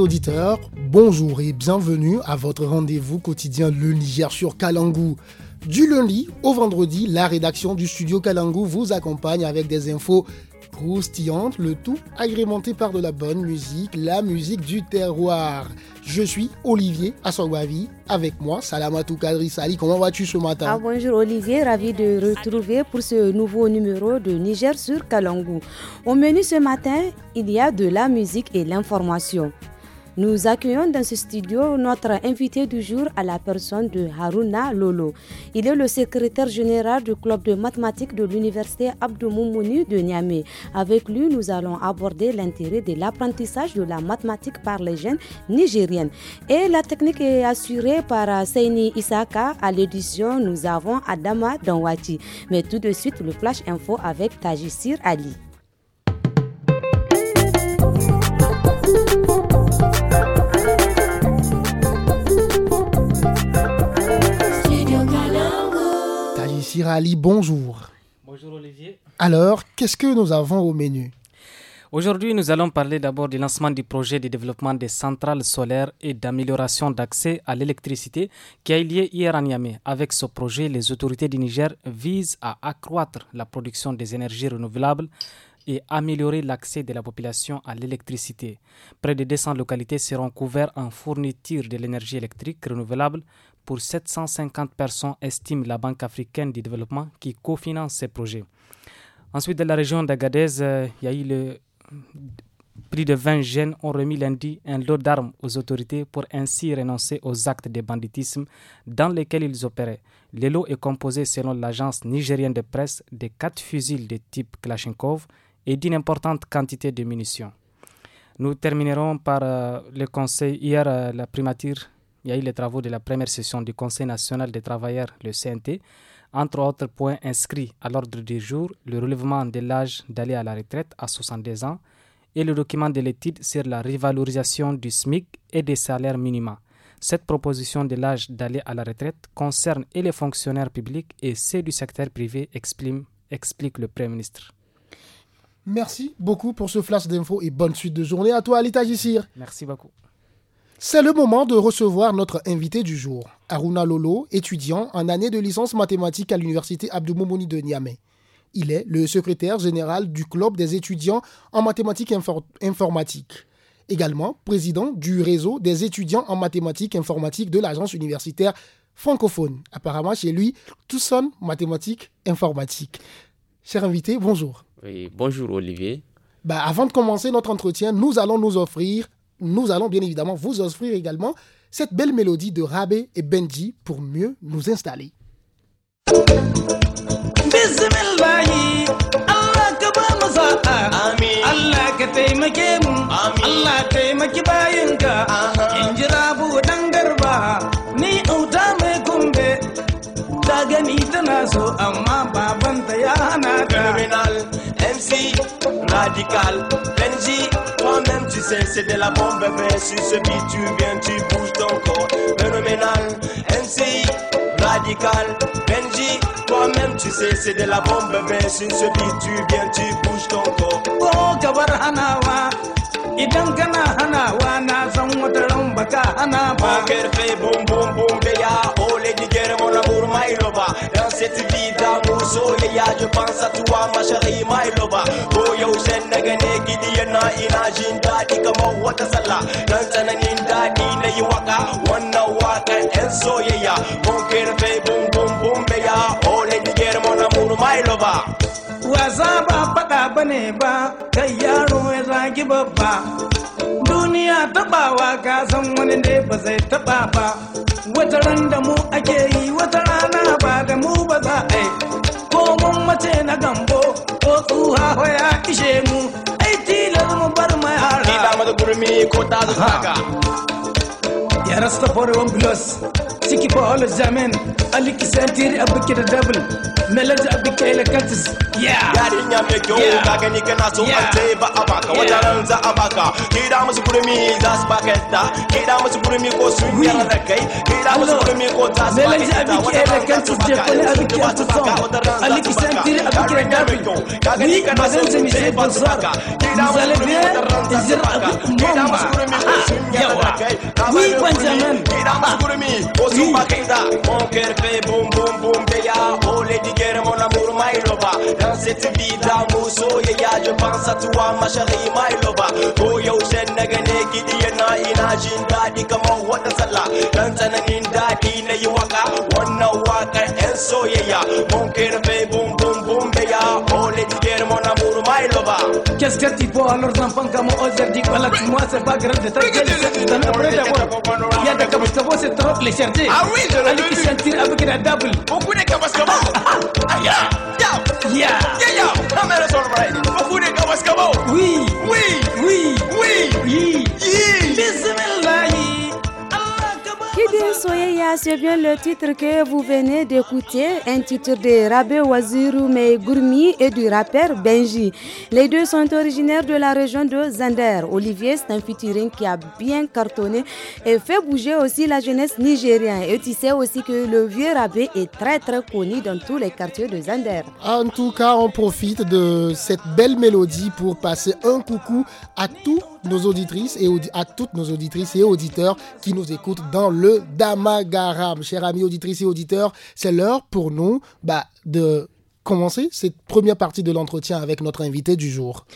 auditeurs, bonjour et bienvenue à votre rendez-vous quotidien Le Niger sur Kalangou. Du lundi au vendredi, la rédaction du studio Kalangou vous accompagne avec des infos le tout agrémenté par de la bonne musique, la musique du terroir. Je suis Olivier Assobavi, avec moi Salamatou Kadri Sali. Comment vas-tu ce matin ah, Bonjour Olivier, ravi de retrouver pour ce nouveau numéro de Niger sur Kalangou. Au menu ce matin, il y a de la musique et l'information. Nous accueillons dans ce studio notre invité du jour à la personne de Haruna Lolo. Il est le secrétaire général du club de mathématiques de l'université Abdou Moumouni de Niamey. Avec lui, nous allons aborder l'intérêt de l'apprentissage de la mathématique par les jeunes nigériennes. Et la technique est assurée par Seini Isaka. À l'édition, nous avons Adama Danwati. Mais tout de suite, le flash info avec Tajisir Ali. bonjour. Bonjour Olivier. Alors, qu'est-ce que nous avons au menu Aujourd'hui, nous allons parler d'abord du lancement du projet de développement des centrales solaires et d'amélioration d'accès à l'électricité qui a eu lieu hier à Niamey. Avec ce projet, les autorités du Niger visent à accroître la production des énergies renouvelables et améliorer l'accès de la population à l'électricité. Près de 200 localités seront couvertes en fourniture de l'énergie électrique renouvelable pour 750 personnes, estime la Banque africaine du développement qui cofinance ces projets. Ensuite, de la région d'Agadez, euh, il y a eu le... plus de 20 jeunes ont remis lundi un lot d'armes aux autorités pour ainsi renoncer aux actes de banditisme dans lesquels ils opéraient. Le lot est composé, selon l'agence nigérienne de presse, de quatre fusils de type Kalachnikov et d'une importante quantité de munitions. Nous terminerons par euh, le conseil. Hier, euh, la primature il y a eu les travaux de la première session du Conseil national des travailleurs, le CNT. Entre autres points inscrits à l'ordre du jour, le relèvement de l'âge d'aller à la retraite à 72 ans et le document de l'étude sur la revalorisation du SMIC et des salaires minima. Cette proposition de l'âge d'aller à la retraite concerne et les fonctionnaires publics et ceux du secteur privé, explique le Premier ministre. Merci beaucoup pour ce flash d'infos et bonne suite de journée à toi, Alita Gissir. Merci beaucoup. C'est le moment de recevoir notre invité du jour, Aruna Lolo, étudiant en année de licence mathématique à l'université Moumouni de Niamey. Il est le secrétaire général du club des étudiants en mathématiques informatiques. Également président du réseau des étudiants en mathématiques informatiques de l'agence universitaire francophone. Apparemment chez lui, tout sonne mathématiques informatiques. Cher invité, bonjour. Oui, bonjour Olivier. Bah, avant de commencer notre entretien, nous allons nous offrir nous allons bien évidemment vous offrir également cette belle mélodie de Rabé et Benji pour mieux nous installer. ta tana so amma ya hana MC radical Benji toi-même tu sais c'est de la bombe mais sur ce beat tu viens tu bouges ton corps Phenomenal MC radical Benji toi-même tu sais c'est de la bombe mais sur ce beat tu viens tu bouges ton corps oh idan kana wa na san wata ran baka hana ba karfe bum bum bum da ya ole di germo la burma iloba dans cette vie d'amour soleil je pense à toi ma chérie ma ko yaushe na ne gidi na ina jin daɗi kama wata sallah dan tsananin daɗi na yi waka wannan waka yan soyayya mun karfe bum bum bum da ya ole di germo la burma wa za ba faɗa bane ba kai yaro ki babba duniya tabawa ka san wani ne ba zai taba ba wata ran da mu ake yi wata rana ba da mu ba za a yi ko mun mace na gambo ko tsuha ya ishe mu ai tilar mu bar ma ni da mata gurmi ko ta zuka يا راستا فور ون بلوس سيكي بقول الزمان قال لك سانتيري اب كده دبل ملاجا اب كده كاتس يا يارين يا ميكو كاغني كنا سو انتي با اباكا وجاران زا اباكا كيدا يا برمي زاس باكتا كيدا مس يا كو سوين يا ركاي يا مس برمي كو تاس ملاز يا كده كاتس يا اب كده يا قال لك يا اب كده دبل كاغني كنا سو انتي با يا كيدا مس يا كو تاس باكتا كيدا مس يا كو سوين يا ركاي يا Kiramba gurumi, Osupa mm. Kenza Mon cœur fait boum boum boum béa Oh Lady Guerre, mon amour, my loba Dans cette vie d'amour, so yeah, Je pense à toi, ma chérie, my lover. Oh yo, j'ai n'a gagné, qui dit n'a Imagine, daddy, comment, what the gaskiyar tifo yeah yeah yeah yeah c'est bien le titre que vous venez d'écouter, un titre de Rabé mais Gourmi et du rappeur Benji. Les deux sont originaires de la région de Zander. Olivier, c'est un featuring qui a bien cartonné et fait bouger aussi la jeunesse nigérienne. Et tu sais aussi que le vieux Rabé est très très connu dans tous les quartiers de Zander. En tout cas, on profite de cette belle mélodie pour passer un coucou à tous nos auditrices et à toutes nos auditrices et auditeurs qui nous écoutent dans le Damagaram. Chers amis auditrices et auditeurs, c'est l'heure pour nous bah, de commencer cette première partie de l'entretien avec notre invité du jour.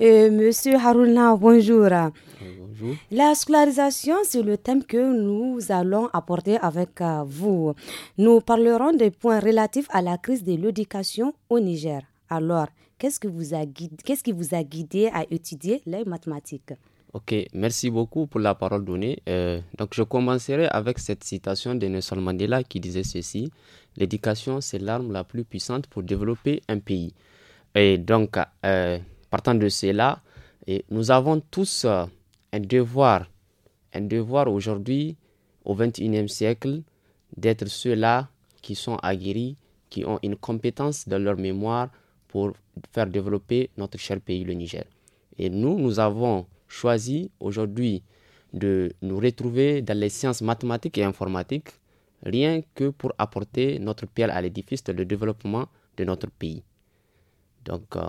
Euh, Monsieur Harouna, bonjour. bonjour. La scolarisation, c'est le thème que nous allons apporter avec euh, vous. Nous parlerons des points relatifs à la crise de l'éducation au Niger. Alors, Qu'est-ce qui vous a guidé, qu'est-ce qui vous a guidé à étudier les mathématiques Ok, merci beaucoup pour la parole donnée. Euh, donc je commencerai avec cette citation de Nelson Mandela qui disait ceci L'éducation, c'est l'arme la plus puissante pour développer un pays. Et donc, euh, partant de cela, et nous avons tous euh, un devoir, un devoir aujourd'hui, au XXIe siècle, d'être ceux-là qui sont aguerris, qui ont une compétence dans leur mémoire, pour faire développer notre cher pays, le Niger. Et nous, nous avons choisi aujourd'hui de nous retrouver dans les sciences mathématiques et informatiques, rien que pour apporter notre pierre à l'édifice de le développement de notre pays. Donc euh,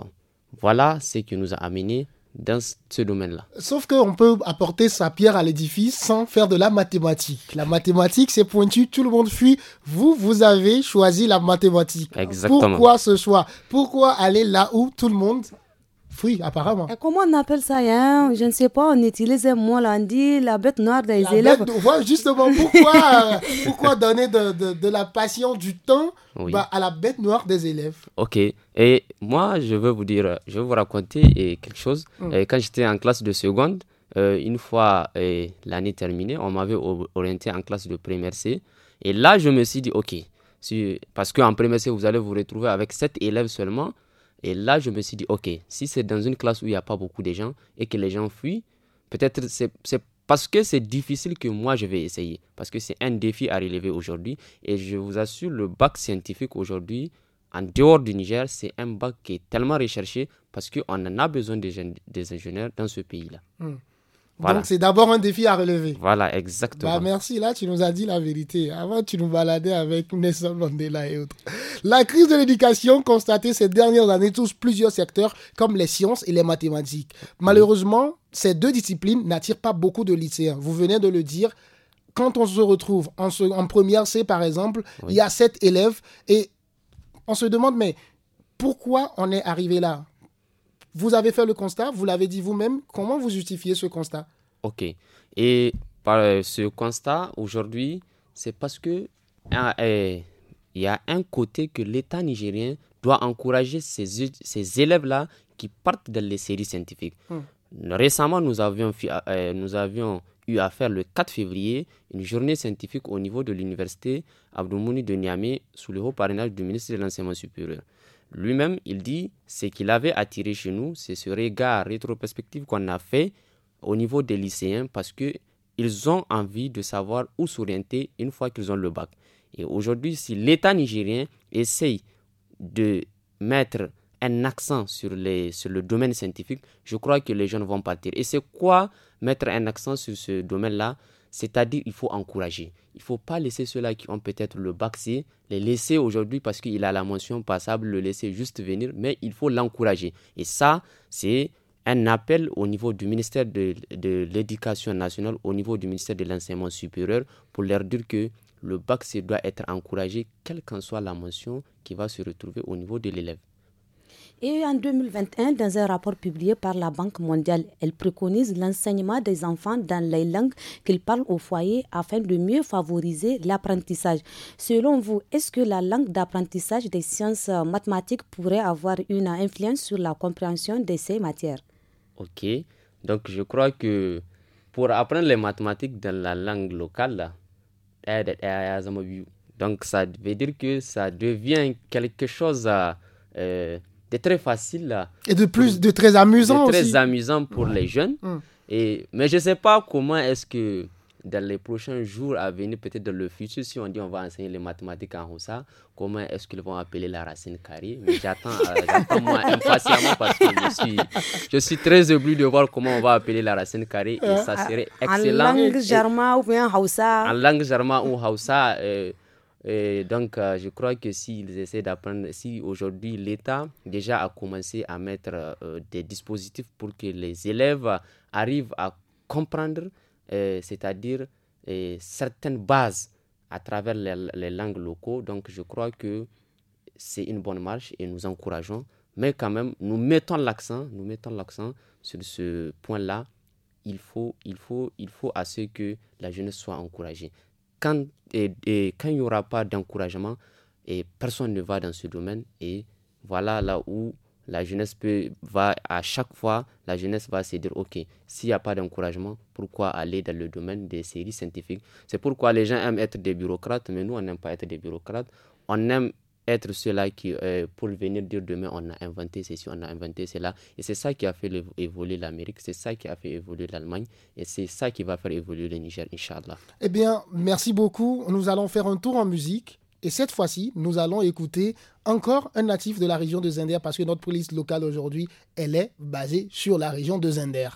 voilà ce qui nous a amené dans ce domaine-là. Sauf qu'on peut apporter sa pierre à l'édifice sans faire de la mathématique. La mathématique, c'est pointu, tout le monde fuit. Vous, vous avez choisi la mathématique. Exactement. Pourquoi ce choix Pourquoi aller là où tout le monde oui, apparemment. comment on appelle ça hein? Je ne sais pas, on utilise un mot, là, on dit la bête noire des élèves. Bête, justement, pourquoi, pourquoi donner de, de, la passion, du temps bah, à la bête noire des élèves Ok, et moi, je veux vous dire, je vais vous raconter eh, quelque chose. Mm. Eh, quand j'étais en classe de seconde, euh, une fois eh, l'année terminée, on m'avait orienté en classe de première C. Et là, je me suis dit, ok, parce qu'en première C, vous allez vous retrouver avec sept élèves seulement. Et là, je me suis dit, ok, si c'est dans une classe où il n'y a pas beaucoup de gens et que les gens fuient, peut-être c'est parce que c'est difficile que moi je vais essayer. Parce que c'est un défi à relever aujourd'hui. Et je vous assure, le bac scientifique aujourd'hui, en dehors du Niger, c'est un bac qui est tellement recherché parce qu'on en a besoin des, ingénieurs dans ce pays-là. Hmm. Donc, c'est d'abord un défi à relever. Voilà, exactement. Bah, merci, là, tu nous as dit la vérité. Avant, tu nous baladais avec Nelson Mandela et autres. La crise de l'éducation constatée ces dernières années tous plusieurs secteurs comme les sciences et les mathématiques. Malheureusement, ces deux disciplines n'attirent pas beaucoup de lycéens. Vous venez de le dire. Quand on se retrouve en, en première C, par exemple, il y a sept élèves et on se demande, mais pourquoi on est arrivé là vous avez fait le constat, vous l'avez dit vous-même. Comment vous justifiez ce constat Ok. Et par euh, ce constat, aujourd'hui, c'est parce que eh, il y a un côté que l'État nigérien doit encourager ces, élèves-là qui partent dans les séries scientifiques. Hmm. Récemment, nous avions, euh, eh, eu à faire le 4 février une journée scientifique au niveau de l'université Abdoumouni de Niamey sous le haut parrainage du ministre de l'Enseignement supérieur. Lui-même, il dit ce qu'il avait attiré chez nous, c'est ce regard rétrospectif qu'on a fait au niveau des lycéens parce que ils ont envie de savoir où s'orienter une fois qu'ils ont le bac. Et aujourd'hui, si l'État nigérien essaye de mettre un accent sur, sur le domaine scientifique, je crois que les jeunes vont partir. Et c'est quoi mettre un accent sur ce domaine-là c'est-à-dire il faut encourager. Il ne faut pas laisser ceux-là qui ont peut-être le bac C, les laisser aujourd'hui parce qu'il a la mention passable, le laisser juste venir, mais il faut l'encourager. Et ça, c'est un appel au niveau du ministère de, l'Éducation nationale, au niveau du ministère de l'Enseignement supérieur, pour leur dire que le bac C doit être encouragé, quelle qu'en soit la mention qui va se retrouver au niveau de l'élève. Et en 2021, dans un rapport publié par la Banque mondiale, elle préconise l'enseignement des enfants dans les langues qu'ils parlent au foyer afin de mieux favoriser l'apprentissage. Selon vous, est-ce que la langue d'apprentissage des sciences euh, mathématiques pourrait avoir une influence sur la compréhension de ces matières Ok, donc je crois que pour apprendre les mathématiques dans la langue locale, eh, eh, eh, donc ça veut dire que ça devient quelque chose à... Euh, très facile. Euh, et de plus, de très amusant très amusant pour les jeunes. Hum. Et, mais je sais pas comment est-ce que dans les prochains jours à venir, peut-être dans le futur, si on dit on va enseigner les mathématiques en Roussa, comment est-ce qu'ils vont appeler la racine carrée Mais j'attends, euh, moi impatiemment parce que je suis, je suis très obligé de voir comment on va appeler la racine carrée et euh, ça ah, serait excellent. En langue germain ou bien En langue german ou Hausa donc, euh, je crois que s'ils essaient d'apprendre, si aujourd'hui l'État déjà a commencé à mettre euh, des dispositifs pour que les élèves arrivent à comprendre, euh, c'est-à-dire certaines bases à travers les, langues locaux, donc je crois que c'est une bonne marche et nous encourageons. Mais quand même, nous mettons l'accent, nous mettons l'accent sur ce point-là. Il faut, il faut, il faut à ce que la jeunesse soit encouragée quand, et, quand il n'y aura pas d'encouragement, et personne ne va dans ce domaine. Et voilà là où la jeunesse peut, va, à chaque fois, la jeunesse va se dire, OK, s'il n'y a pas d'encouragement, pourquoi aller dans le domaine des séries scientifiques C'est pourquoi les gens aiment être des bureaucrates, mais nous, on n'aime pas être des bureaucrates. On aime être ceux-là qui, euh, pour venir dire demain, on a inventé ceci, on a inventé cela. Et c'est ça qui a fait évoluer l'Amérique, c'est ça qui a fait évoluer l'Allemagne, et c'est ça qui va faire évoluer le Niger, Inch'Allah. Eh bien, merci beaucoup. Nous allons faire un tour en musique. Et cette fois-ci, nous allons écouter encore un natif de la région de Zender parce que notre police locale aujourd'hui, elle est basée sur la région de Zender.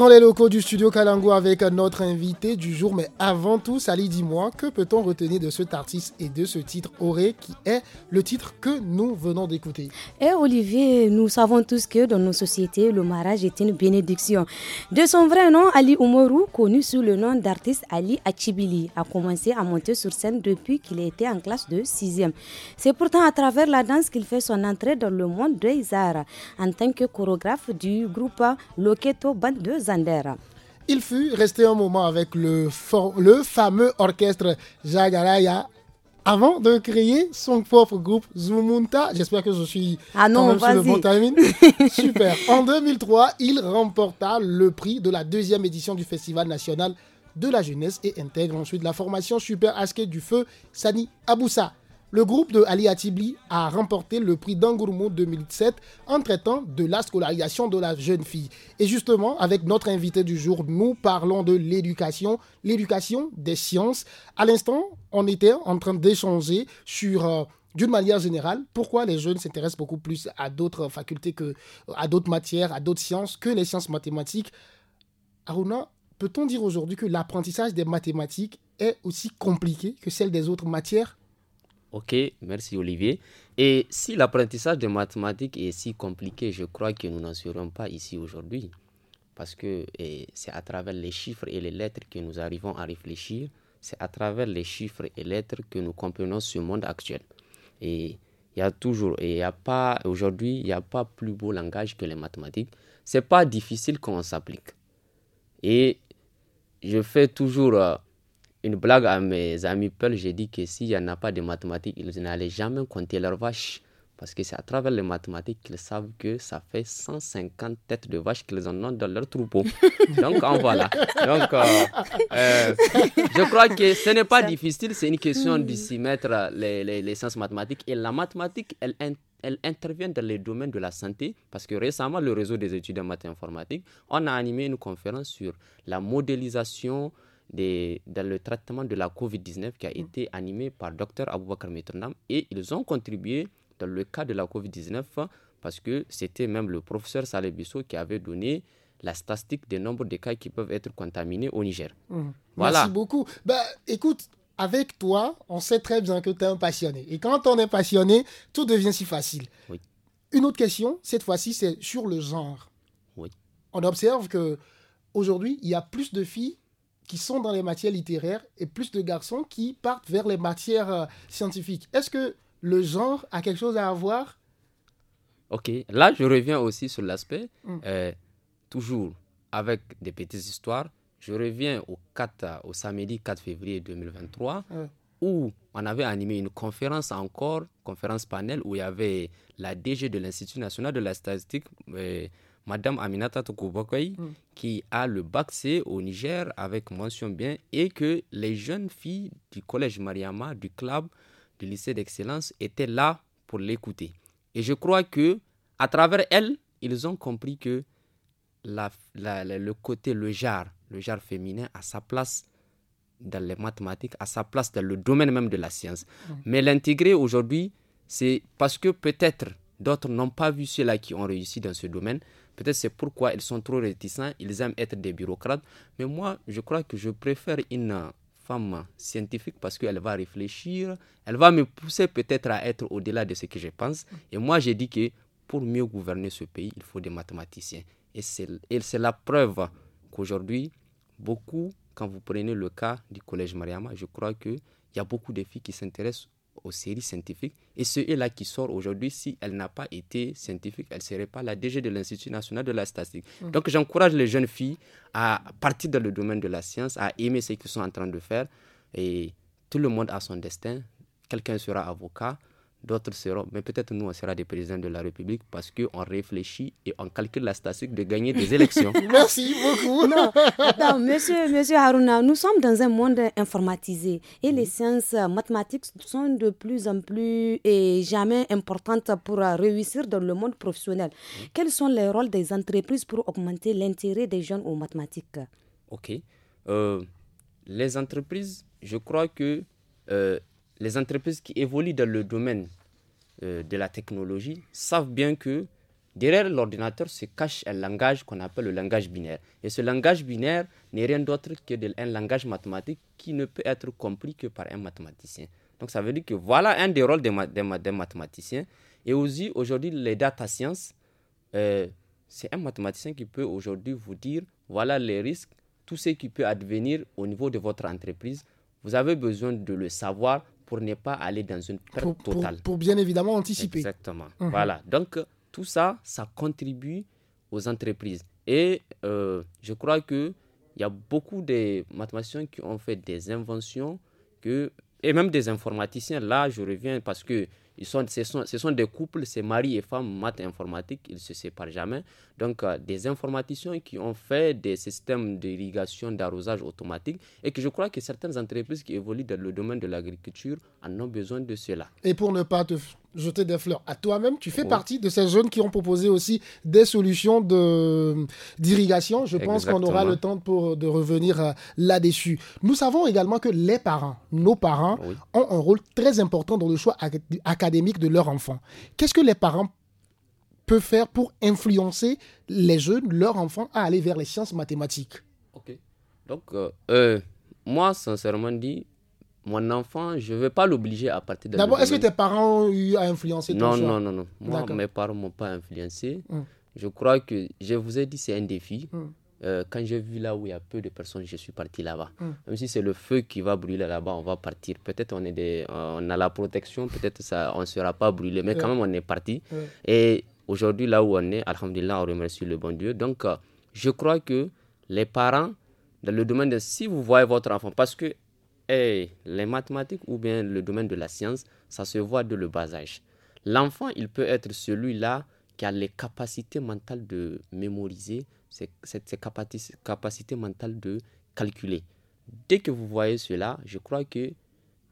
dans les locaux du studio Kalango avec notre invité du jour. Mais avant tout, Sally, dis-moi, que peut-on retenir de cet artiste et de ce titre Auré qui est le titre que nous venons d'écouter. Et eh, Olivier, nous savons tous que dans nos sociétés, le mariage est une bénédiction. De son vrai nom, Ali Oumourou, connu sous le nom d'artiste Ali Achibili, a commencé à monter sur scène depuis qu'il était en classe de 6e. C'est pourtant à travers la danse qu'il fait son entrée dans le monde des arts en tant que chorégraphe du groupe Loketo Band de Zander. Il fut resté un moment avec le, le fameux orchestre Jagaraya avant de créer son propre groupe Zumunta. J'espère que je suis ah non, quand même sur le bon Super. En 2003, il remporta le prix de la deuxième édition du Festival national de la jeunesse et intègre ensuite la formation Super Asket du Feu Sani Aboussa. Le groupe de Ali Atibli a remporté le prix d'Angourmo 2007 en traitant de la scolarisation de la jeune fille. Et justement, avec notre invité du jour, nous parlons de l'éducation, l'éducation des sciences. À l'instant, on était en train d'échanger sur euh, d'une manière générale, pourquoi les jeunes s'intéressent beaucoup plus à d'autres facultés que à d'autres matières, à d'autres sciences que les sciences mathématiques Aruna, peut-on dire aujourd'hui que l'apprentissage des mathématiques est aussi compliqué que celle des autres matières Ok, merci Olivier. Et si l'apprentissage des mathématiques est si compliqué, je crois que nous n'en serions pas ici aujourd'hui. Parce que eh, c'est à travers les chiffres et les lettres que nous arrivons à réfléchir. C'est à travers les chiffres et lettres que nous comprenons ce monde actuel. Et il y a toujours, et il y a pas, aujourd'hui, il n'y a pas plus beau langage que les mathématiques. C'est pas difficile quand on s'applique. Et je fais toujours euh, une blague à mes amis Peul, j'ai dit que s'il n'y en a pas de mathématiques, ils n'allaient jamais compter leurs vaches. Parce que c'est à travers les mathématiques qu'ils savent que ça fait 150 têtes de vaches qu'ils en ont dans leur troupeau. Donc, en voilà. Donc, euh, euh, je crois que ce n'est pas difficile, c'est une question mm. de s'y mettre euh, les, les, sciences mathématiques. Et la mathématique, elle elle intervient dans les domaines de la santé parce que récemment, le réseau des études en maths informatique, on a animé une conférence sur la modélisation dans le traitement de la COVID-19 qui a mm. été animé par docteur Aboubakar Meternam et ils ont contribué dans le cas de la COVID-19 parce que c'était même le professeur Saleh Bissot qui avait donné la statistique des nombres de cas qui peuvent être contaminés au Niger. Mm. Voilà. Merci beaucoup. Bah, écoute, avec toi, on sait très bien que tu es un passionné. Et quand on est passionné, tout devient si facile. Une autre question, cette fois-ci, c'est sur le genre. Oui. On observe que aujourd'hui, il y a plus de filles qui sont dans les matières littéraires et plus de garçons qui partent vers les matières euh, scientifiques. Est-ce que le genre a quelque chose à avoir Ok, là je reviens aussi sur l'aspect, mm. euh, toujours avec des petites histoires, je reviens au, 4, euh, au samedi 4 février 2023 où on avait animé une conférence encore, conférence panel, où il y avait la DG de l'Institut national de la statistique. Euh, Madame Aminata Tokobokoy, mm. qui a le bac C au Niger avec mention bien, et que les jeunes filles du collège Mariama, du club, du lycée d'excellence étaient là pour l'écouter. Et je crois que à travers elles, ils ont compris que le côté, le jar le genre féminin a sa place dans les mathématiques, a sa place dans le domaine même de la science. Mm. Mais l'intégrer aujourd'hui, c'est parce que peut-être d'autres n'ont pas vu ceux-là qui ont réussi dans ce domaine. Peut-être c'est pourquoi ils sont trop réticents, ils aiment être des bureaucrates. Mais moi, je crois que je préfère une femme scientifique parce qu'elle va réfléchir, elle va me pousser peut-être à être au-delà de ce que je pense. Et moi, j'ai dit que pour mieux gouverner ce pays, il faut des mathématiciens. Et c'est la preuve qu'aujourd'hui, beaucoup, quand vous prenez le cas du collège Mariama, je crois qu'il y a beaucoup de filles qui s'intéressent aux séries scientifiques. Et ce est là qui sort aujourd'hui, si elle n'a pas été scientifique, elle ne serait pas la DG de l'Institut national de la statistique. Mm. Donc j'encourage les jeunes filles à partir dans le domaine de la science, à aimer ce qu'ils sont en train de faire. Et tout le monde a son destin. Quelqu'un sera avocat, d'autres seront, mais peut-être nous, on sera des présidents de la République parce qu'on réfléchit et on calcule la statistique de gagner des élections. Merci beaucoup. monsieur, monsieur Haruna, nous sommes dans un monde informatisé et les sciences mathématiques sont de plus en plus et jamais importantes pour réussir dans le monde professionnel. Quels sont les rôles des entreprises pour augmenter l'intérêt des jeunes aux mathématiques Ok. Euh, les entreprises, je crois que euh, les entreprises qui évoluent dans le domaine euh, de la technologie savent bien que derrière l'ordinateur se cache un langage qu'on appelle le langage binaire. Et ce langage binaire n'est rien d'autre que un langage mathématique qui ne peut être compris que par un mathématicien. Donc ça veut dire que voilà un des rôles des, mathématiciens. Et aussi aujourd'hui, les data science, euh, c'est un mathématicien qui peut aujourd'hui vous dire, voilà les risques, tout ce qui peut advenir au niveau de votre entreprise. Vous avez besoin de le savoir pour ne pas aller dans une perte totale. Pour, bien évidemment anticiper. Exactement. Mhm. Voilà. Donc, euh, tout ça, ça contribue aux entreprises. Et euh, je crois qu'il y a beaucoup de mathématiciens qui ont fait des inventions que, et même des informaticiens. Là, je reviens parce que ils sont, ce, sont, ce sont des couples, c'est mari et femme, maths et informatique, ils ne se séparent jamais. Donc, euh, des informaticiens qui ont fait des systèmes d'irrigation, d'arrosage automatique, et que je crois que certaines entreprises qui évoluent dans le domaine de l'agriculture en ont besoin de cela. Et pour ne pas te jeter des fleurs à toi-même. Tu fais partie de ces jeunes qui ont proposé aussi des solutions de, d'irrigation. Je pense qu'on aura le temps de revenir euh, là-dessus. Nous savons également que les parents, nos parents, ont un rôle très important dans le choix académique de leurs enfants. Qu'est-ce que les parents peuvent faire pour influencer les jeunes, leurs enfants, à aller vers les sciences mathématiques Ok. Donc, euh, euh, moi, sincèrement dit, mon enfant, je ne vais pas l'obliger à partir de. D'abord, est-ce que tes parents ont eu à influencer ton non, choix Non, non, non. Moi, mes parents ne m'ont pas influencé. Hum. Je crois que, je vous ai dit, c'est un défi. Hum. Euh, quand j'ai vu là où il y a peu de personnes, je suis parti là-bas. Hum. Même si c'est le feu qui va brûler là-bas, on va partir. Peut-être on, est des, on a la protection, peut-être ça, on ne sera pas brûlé, mais quand même on est parti. Et aujourd'hui, là où on est, Alhamdulillah, on remercie le bon Dieu. Donc, euh, je crois que les parents, dans le domaine de si vous voyez votre enfant, parce que eh, les mathématiques ou bien le domaine de la science, ça se voit de le bas âge. L'enfant, il peut être celui-là qui a les capacités mentales de mémoriser, ces, capacités mentales de calculer. Dès que vous voyez cela, je crois que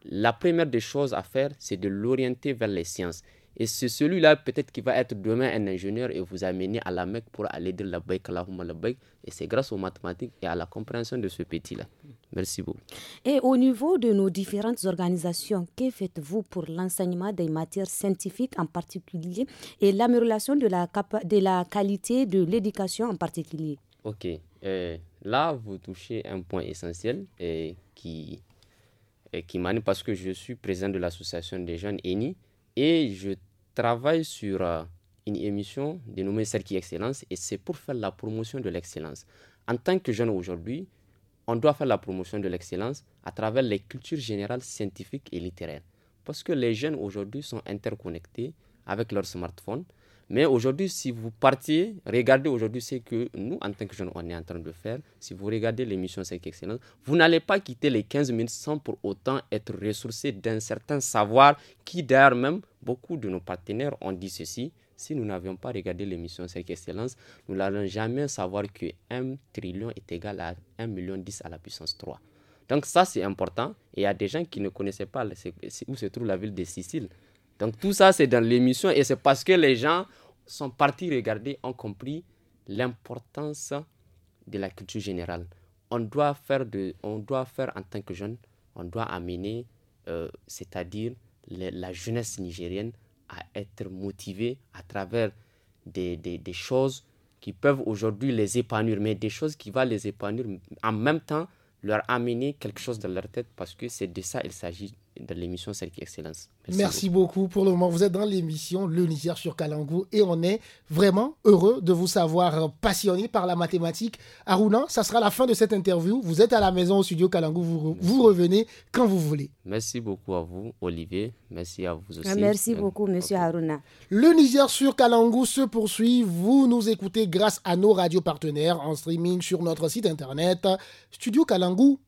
la première des choses à faire, c'est de l'orienter vers les sciences. Et c'est celui-là peut-être qui va être demain un ingénieur et vous amener à la Mecque pour aller dire la baïk, la la baïk. Et c'est grâce aux mathématiques et à la compréhension de ce petit-là. Merci beaucoup. Et au niveau de nos différentes organisations, que faites-vous pour l'enseignement des matières scientifiques en particulier et l'amélioration de la, de la qualité de l'éducation en particulier Ok. Euh, là, vous touchez un point essentiel et qui, et qui m'anime parce que je suis président de l'association des jeunes ENI et je travaille sur euh, une émission dénommée Celle qui Excellence et c'est pour faire la promotion de l'excellence. En tant que jeune aujourd'hui, on doit faire la promotion de l'excellence à travers les cultures générales scientifiques et littéraires. Parce que les jeunes aujourd'hui sont interconnectés avec leur smartphone, mais aujourd'hui, si vous partiez, regardez aujourd'hui ce que nous, en tant que jeunes, on est en train de faire. Si vous regardez l'émission 5 Excellence, vous n'allez pas quitter les 15 minutes sans pour autant être ressourcé d'un certain savoir qui, d'ailleurs, même beaucoup de nos partenaires ont dit ceci. Si nous n'avions pas regardé l'émission 5 Excellence, nous n'allons jamais savoir que 1 trillion est égal à 1 million 10 à la puissance 3. Donc ça, c'est important. Et il y a des gens qui ne connaissaient pas où se trouve la ville de Sicile. Donc tout ça, c'est dans l'émission et c'est parce que les gens sont partis regarder, ont compris l'importance de la culture générale. On doit faire, de, on doit faire en tant que jeune, on doit amener, euh, c'est-à-dire la jeunesse nigérienne à être motivée à travers des, des choses qui peuvent aujourd'hui les épanouir, mais des choses qui vont les épanouir en même temps leur amener quelque chose dans leur tête parce que c'est de ça il s'agit dans l'émission qui Excellence. Merci, beaucoup. Pour le moment, vous êtes dans l'émission Le Niger sur Kalangou et on est vraiment heureux de vous savoir passionné par la mathématique. Aruna, ça sera la fin de cette interview. Vous êtes à la maison au studio Kalangou. Vous, revenez quand vous voulez. Merci beaucoup à vous, Olivier. Merci à vous aussi. Merci euh, beaucoup, monsieur Aruna. Le Niger sur Kalangou se poursuit. Vous nous écoutez grâce à nos radios partenaires en streaming sur notre site internet studio Kalangou.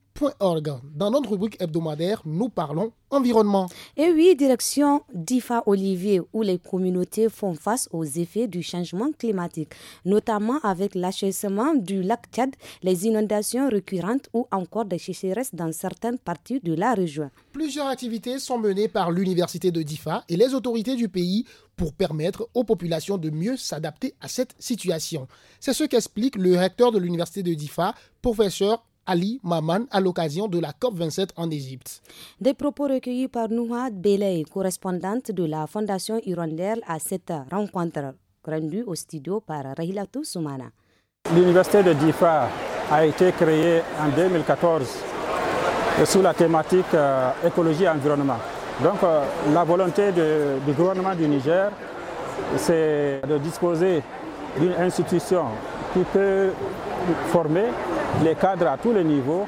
Dans notre rubrique hebdomadaire, nous parlons environnement. Et eh oui, direction d'IFA Olivier, où les communautés font face aux effets du changement climatique, notamment avec l'achèvement du lac Tchad, les inondations récurrentes ou encore des sécheresses dans certaines parties de la région. Plusieurs activités sont menées par l'université de DIFA et les autorités du pays pour permettre aux populations de mieux s'adapter à cette situation. C'est ce qu'explique le recteur de l'université de DIFA, professeur Ali Maman à l'occasion de la COP27 en Égypte. Des propos recueillis par Nouad Beley, correspondante de la Fondation Hirondelle à cette rencontre rendue au studio par Rahilatou Soumana. L'université de Difa a été créée en 2014 sous la thématique euh, écologie environnement. Donc euh, la volonté du gouvernement du Niger, c'est de disposer d'une institution qui peut former les cadres à tous les niveaux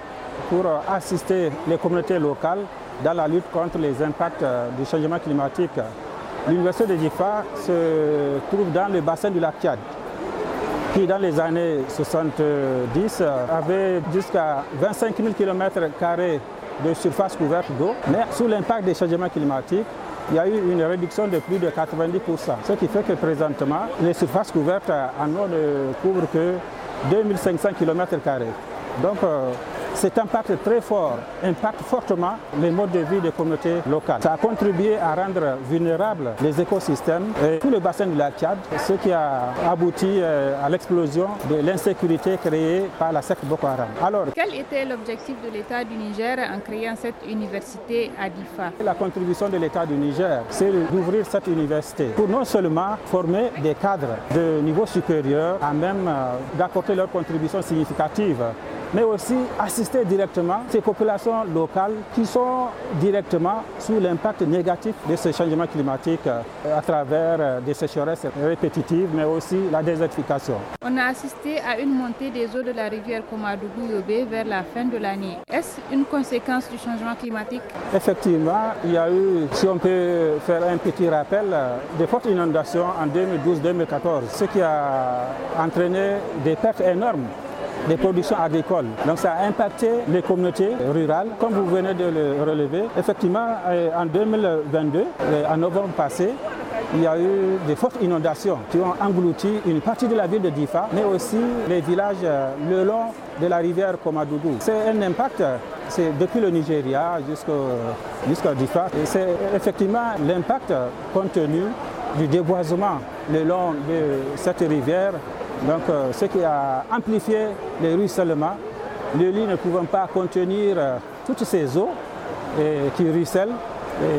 pour euh, assister les communautés locales dans la lutte contre les impacts euh, du changement climatique. L'université de Jifa se trouve dans le bassin du lac Tchad, qui dans les années 70 euh, avait jusqu'à 25 000 km de surface couverte d'eau. Mais sous l'impact des changements climatiques, il y a eu une réduction de plus de 90%, ce qui fait que présentement, les surfaces couvertes en eau ne couvrent que 2500 km2. Donc, euh, cet impact très fort impacte fortement les modes de vie des communautés locales. Ça a contribué à rendre vulnérables les écosystèmes et tout le bassin de la Tchad, ce qui a abouti euh, à l'explosion de l'insécurité créée par la secte Boko Haram. Alors, quel était l'objectif de l'État du Niger en créant cette université à Difa La contribution de l'État du Niger, c'est d'ouvrir cette université pour non seulement former des cadres de niveau supérieur à même euh, d'apporter leur contribution significative mais aussi assister directement ces populations locales qui sont directement sous l'impact négatif de ce changement climatique euh, à travers euh, des sécheresses répétitives, mais aussi la désertification. On a assisté à une montée des eaux de la rivière Komadougou-Yobé vers la fin de l'année. Est-ce une conséquence du changement climatique Effectivement, il y a eu, si on peut faire un petit rappel, euh, des fortes inondations en 2012-2014, ce qui a entraîné des pertes énormes des productions agricoles. Donc ça a impacté les communautés rurales. Comme vous venez de le relever, effectivement, euh, en 2022, euh, en novembre passé, il y a eu des fortes inondations qui ont englouti une partie de la ville de Difa, mais aussi les villages euh, le long de la rivière Komadoudou. C'est un impact, c'est depuis le Nigeria jusqu'à Difa. C'est effectivement l'impact compte tenu du déboisement le long de cette rivière donc, euh, ce qui a amplifié les ruissellement, le lit ne pouvant pas contenir euh, toutes ces eaux qui ruissellent,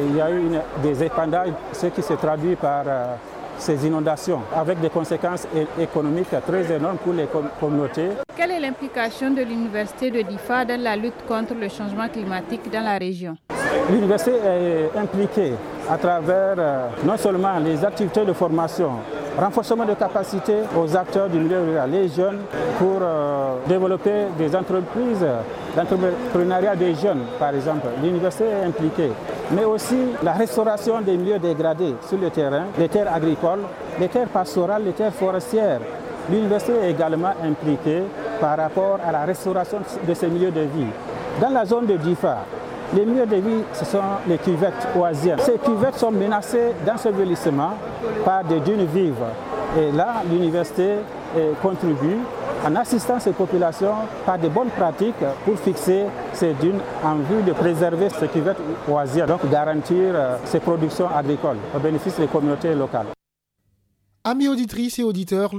il y a eu des épandages, ce qui se traduit par euh, ces inondations, avec des conséquences économiques très énormes pour les communautés. Quelle est l'implication de l'Université de Difa dans la lutte contre le changement climatique dans la région L'Université est impliquée à travers euh, non seulement les activités de formation, renforcement de capacités aux acteurs du milieu rural, les jeunes, pour euh, développer des entreprises, euh, l'entrepreneuriat des jeunes par exemple, l'université est impliquée, mais aussi la restauration des milieux dégradés sur le terrain, les terres agricoles, les terres pastorales, les terres forestières. L'université est également impliquée par rapport à la restauration de ces milieux de vie. Dans la zone de Difa, les milieux de vie, ce sont les cuvettes oisiennes. Ces cuvettes sont menacées d'ensevelissement par des dunes vives. Et là, l'université eh, contribue en assistant ces populations par de bonnes pratiques pour fixer ces dunes en vue de préserver ces cuvettes oisiennes, donc garantir euh, ces productions agricoles au bénéfice des communautés locales. Amis auditrices et auditeurs,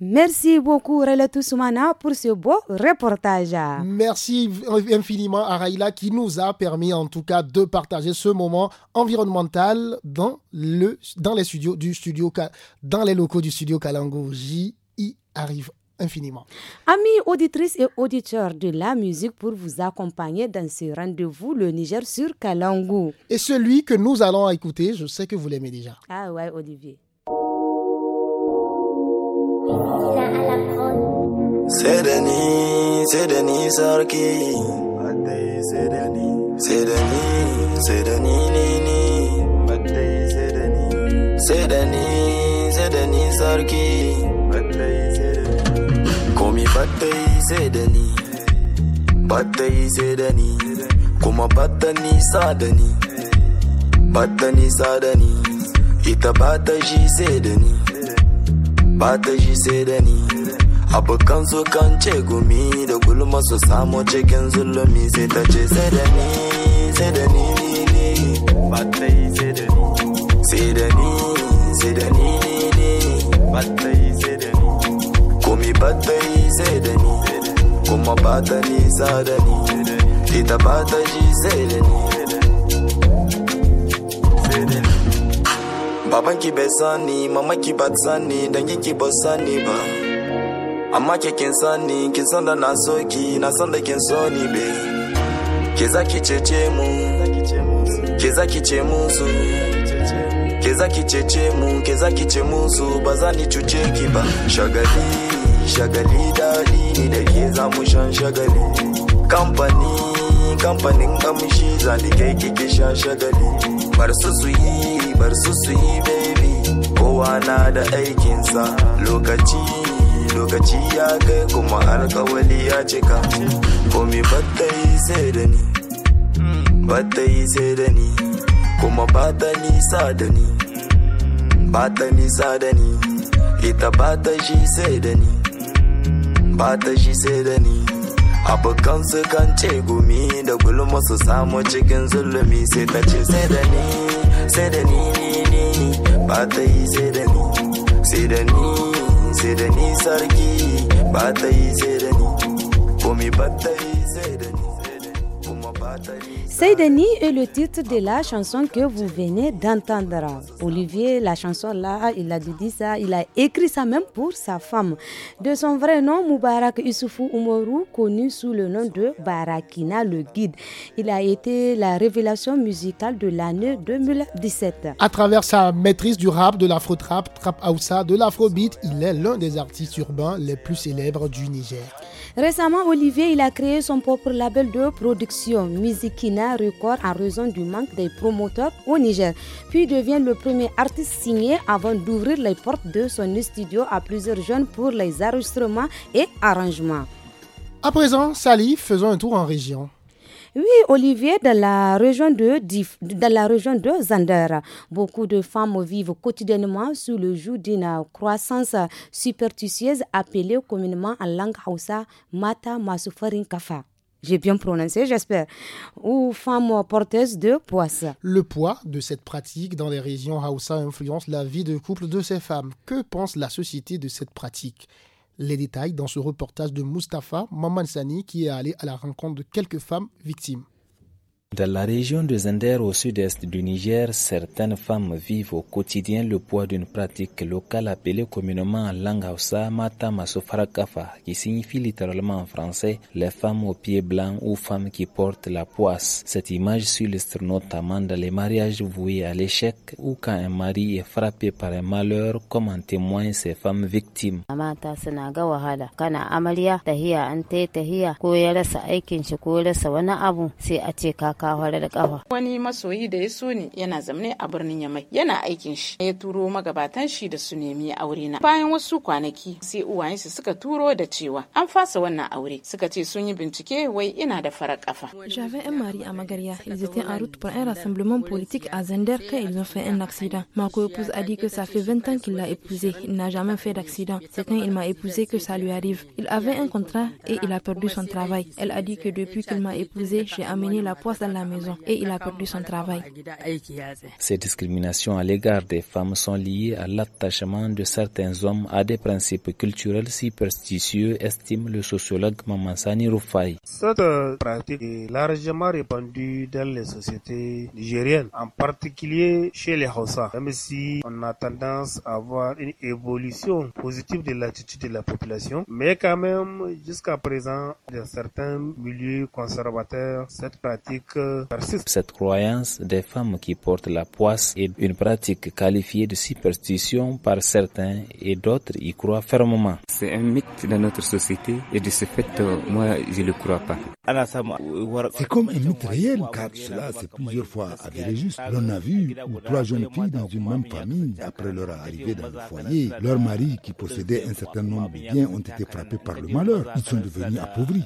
Merci beaucoup, Relatou Toussoumana pour ce beau reportage. Merci infiniment à Raïla qui nous a permis, en tout cas, de partager ce moment environnemental dans, le, dans les studios du studio, dans les locaux du studio Kalango. J'y arrive infiniment. Amis auditrices et auditeurs de la musique, pour vous accompagner dans ce rendez-vous, le Niger sur kalango Et celui que nous allons écouter, je sais que vous l'aimez déjà. Ah ouais, Olivier. sedani sedani ni, sarki. Baddai sedani da sedani Sai da ni, sedani da sarki. Baddai sai Komi baddai sedani da sedani Kuma batta nisa da ni. Batta nisa sedani Ita bata sai da fata shi sai da ni abokan su kan ce gumi da gulma su samu cikin zulumi sai ta ce sai da ni sai da ni ni ni fata yi sai da ni sai da ni sai da ni ni ni yi sai da ni komi fata yi sai da ni kuma fata ni sa da ni ita fata shi sai da ni sai da ni babanki bai sani mamaki ba sani ki ba sani ba amma ke kin sani kin san na so ki na san da so ni be ke za ki cece mu ke za ki ce musu ke za ki cece mu ke za ki ce musu ba za ni cuce ki ba shagali shagali dali da ke za mu shan shagali kamfani kamfani kamfanin kamshi zani kai kike sha shagali bar su su yi bar su su yi baby kowa na da aikinsa lokaci lokaci ya kai kuma alkawali ya cika komi batta yi sai da ni batta yi sai da ni kuma bata sa da ni bata sa da ni ita bata shi sai da ni bata shi sai da ni abokan su kan ce gumi da gulma su samu cikin zulumi sai ta ce sai da ni sai da ni ni ni ba ta yi sai da ni sai da ni sai da ni sarki ba ta yi sai da ni komi ba ta yi sai da ni Denis est le titre de la chanson que vous venez d'entendre. Olivier, la chanson là, il a dit ça, il a écrit ça même pour sa femme. De son vrai nom, Moubarak Issoufou Umoru, connu sous le nom de Barakina le guide. Il a été la révélation musicale de l'année 2017. À travers sa maîtrise du rap, de l'afro-trap, trap, house, de beat il est l'un des artistes urbains les plus célèbres du Niger. Récemment, Olivier il a créé son propre label de production, Musikina Record, en raison du manque des promoteurs au Niger. Puis devient le premier artiste signé avant d'ouvrir les portes de son studio à plusieurs jeunes pour les enregistrements et arrangements. À présent, Sally, faisons un tour en région. Oui, Olivier, dans la région de la région de Zander, beaucoup de femmes vivent quotidiennement sous le joug d'une croissance superstitieuse appelée communément en langue Hausa Mata Masufarin Kafa. J'ai bien prononcé, j'espère. Ou femme porteuse de poisse. Le poids de cette pratique dans les régions Hausa influence la vie de couple de ces femmes. Que pense la société de cette pratique les détails dans ce reportage de Mustapha Mamansani qui est allé à la rencontre de quelques femmes victimes. Dans la région de Zender au sud-est du Niger, certaines femmes vivent au quotidien le poids d'une pratique locale appelée communément en langue Hausa qui signifie littéralement en français les femmes aux pieds blancs ou femmes qui portent la poisse. Cette image s'illustre notamment dans les mariages voués à l'échec ou quand un mari est frappé par un malheur, comme en témoignent ces femmes victimes j'avais un mari à Magaria ils étaient en route pour un rassemblement politique à Zender quand ils ont fait un accident ma co a dit que ça fait 20 ans qu'il l'a épousée il n'a jamais fait d'accident c'est quand il m'a épousé que ça lui arrive il avait un contrat et il a perdu son travail elle a dit que depuis qu'il m'a épousé, j'ai amené la poisse la maison et il a perdu son travail. Ces discriminations à l'égard des femmes sont liées à l'attachement de certains hommes à des principes culturels superstitieux, estime le sociologue Mamansani Rufai. Cette pratique est largement répandue dans les sociétés nigériennes, en particulier chez les Hausa, même si on a tendance à voir une évolution positive de l'attitude de la population, mais quand même jusqu'à présent, dans certains milieux conservateurs, cette pratique cette croyance des femmes qui portent la poisse est une pratique qualifiée de superstition par certains et d'autres y croient fermement. C'est un mythe dans notre société et de ce fait, euh, moi, je ne le crois pas. C'est comme un mythe réel car cela c'est plusieurs fois avéré juste. a vu trois jeunes filles dans une même famille, après leur arrivée dans le foyer, leurs maris qui possédait un certain nombre de biens ont été frappés par le malheur. Ils sont devenus appauvris.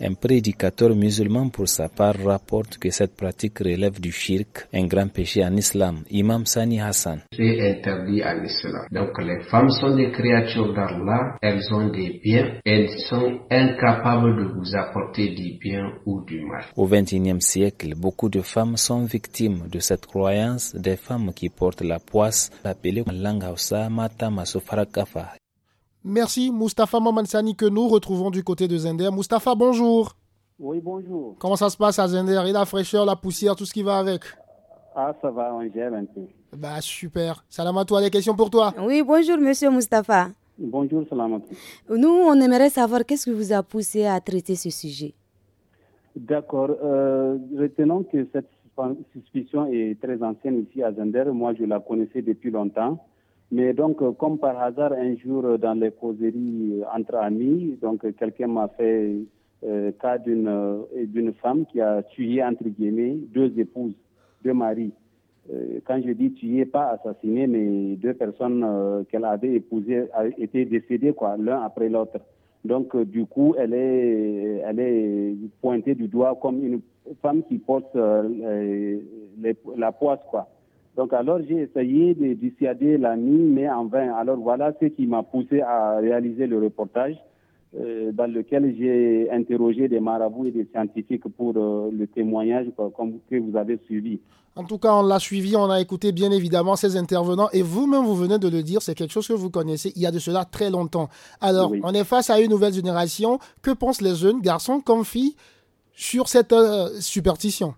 Un prédicateur musulman pour sa part rapporte que cette pratique relève du shirk, un grand péché en islam. Imam Sani Hassan. C'est interdit en islam. Donc les femmes sont des créatures d'Allah, elles ont des biens, elles sont incapables de vous apporter du bien ou du mal. Au XXIe siècle, beaucoup de femmes sont victimes de cette croyance des femmes qui portent la poisse, appelée en langue Mata Merci Mustapha Mamansani que nous retrouvons du côté de Zender. Mustapha, bonjour. Oui, bonjour. Comment ça se passe à Zender Et la fraîcheur, la poussière, tout ce qui va avec Ah, ça va, on gère un peu. Bah, super. Salam toi, des questions pour toi Oui, bonjour, monsieur Mustapha. Bonjour, salam Nous, on aimerait savoir qu'est-ce qui vous a poussé à traiter ce sujet D'accord. Euh, retenons que cette suspicion est très ancienne ici à Zender. Moi, je la connaissais depuis longtemps. Mais donc, euh, comme par hasard, un jour, euh, dans les causeries entre amis, donc quelqu'un m'a fait euh, cas d'une euh, d'une femme qui a tué, entre guillemets, deux épouses, deux maris. Euh, quand je dis tué, pas assassiné, mais deux personnes qu'elle avait épousées étaient décédées, quoi, l'un après l'autre. Donc, du coup, elle est, elle est pointée du doigt comme une femme qui porte la poisse, quoi. Donc alors j'ai essayé de dissuader nuit mais en vain. Alors voilà ce qui m'a poussé à réaliser le reportage. Euh, dans lequel j'ai interrogé des marabouts et des scientifiques pour euh, le témoignage que vous avez suivi. En tout cas, on l'a suivi, on a écouté bien évidemment ces intervenants et vous-même, vous venez de le dire, c'est quelque chose que vous connaissez il y a de cela très longtemps. Alors, on est face à une nouvelle génération. Que pensent les jeunes, garçons comme filles, sur cette euh, superstition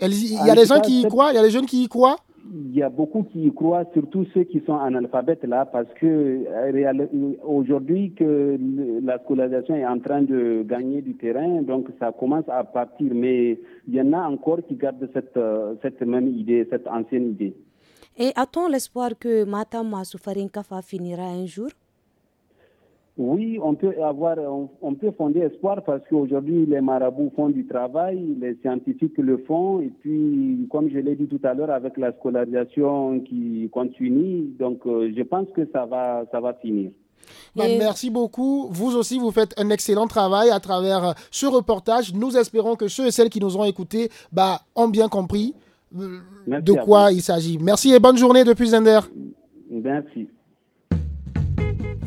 Il y a gens qui croient, il y a des jeunes qui y croient il y a beaucoup qui croient, surtout ceux qui sont analphabètes là, parce que euh, euh, aujourd'hui que la scolarisation est en train de gagner du terrain, donc ça commence à partir. Mais il y en a encore qui gardent cette, euh, cette même idée, cette ancienne idée. Et a-t-on l'espoir que Matam Soufarin Kafa finira un jour oui, on peut avoir, on, peut fonder espoir parce qu'aujourd'hui les marabouts font du travail, les scientifiques le font et puis, comme je l'ai dit tout à l'heure, avec la scolarisation qui continue, donc euh, je pense que ça va, ça va finir. Bah, merci beaucoup. Vous aussi, vous faites un excellent travail à travers euh, ce reportage. Nous espérons que ceux et celles qui nous ont écoutés bah, ont bien compris euh, de quoi il s'agit. Merci et bonne journée depuis Zender. Merci.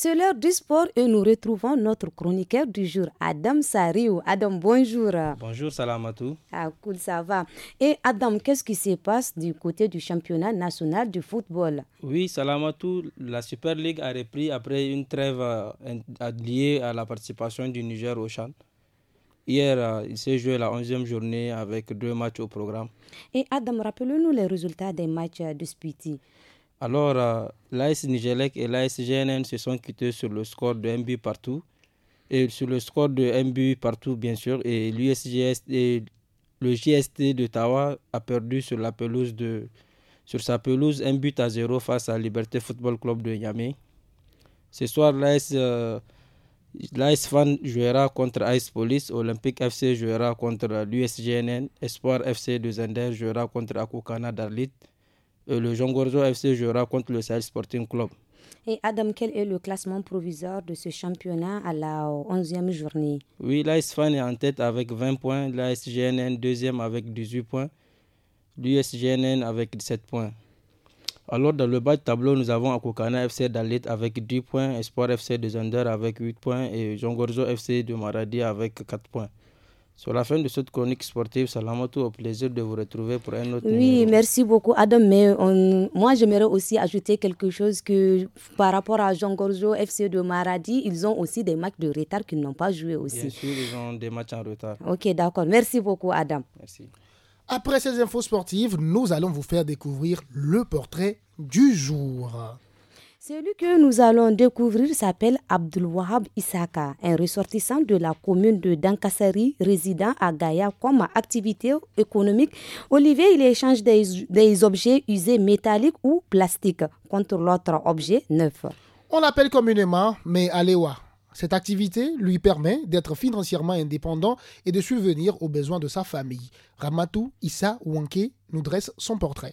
C'est l'heure du sport et nous retrouvons notre chroniqueur du jour, Adam Sariou. Adam, bonjour. Bonjour, Salamatou. Ah, cool, ça va. Et Adam, qu'est-ce qui se passe du côté du championnat national du football Oui, Salamatou, la Super League a repris après une trêve euh, liée à la participation du Niger au champ. Hier, euh, il s'est joué la 11e journée avec deux matchs au programme. Et Adam, rappelez nous les résultats des matchs euh, de Spiti. Alors, euh, l'AS Nigelec et l'AS GNN se sont quittés sur le score de 1 but partout. Et sur le score de 1 but partout, bien sûr. Et l'USGS et le JST d'Ottawa a perdu sur, la pelouse de, sur sa pelouse 1 but à 0 face à Liberté Football Club de Niamey. Ce soir, l'AS. Euh, Fan jouera contre Ice Police, Olympique FC jouera contre l'USGNN, Espoir FC de Zender jouera contre Akukana Darlit, euh, le Jongorzo FC jouera contre le Sahel Sporting Club. Et Adam, quel est le classement provisoire de ce championnat à la 11e journée Oui, l'ASFAN est en tête avec 20 points, l'ASGNN deuxième avec 18 points, l'USGNN avec 17 points. Alors, dans le bas de tableau, nous avons Akokana FC d'Alit avec 10 points, Espoir FC de Zander avec 8 points et Jongorzo FC de Maradi avec 4 points. Sur la fin de cette chronique sportive, Salamatou, au plaisir de vous retrouver pour un autre. Oui, merci beaucoup, Adam. Mais moi, j'aimerais aussi ajouter quelque chose que par rapport à Jean Gorjo, FC de Maradi, ils ont aussi des matchs de retard qu'ils n'ont pas joué aussi. Bien sûr, ils ont des matchs en retard. Ok, d'accord. Merci beaucoup, Adam. Merci. Après ces infos sportives, nous allons vous faire découvrir le portrait du jour. Celui que nous allons découvrir s'appelle Abdul Wahab Isaka, un ressortissant de la commune de Dankassari, résident à Gaïa comme activité économique. Olivier, il échange des, objets usés métalliques ou plastiques contre l'autre objet neuf. On l'appelle communément mais Alewa. Cette activité lui permet d'être financièrement indépendant et de subvenir aux besoins de sa famille. Ramatou Issa Wanke nous dresse son portrait.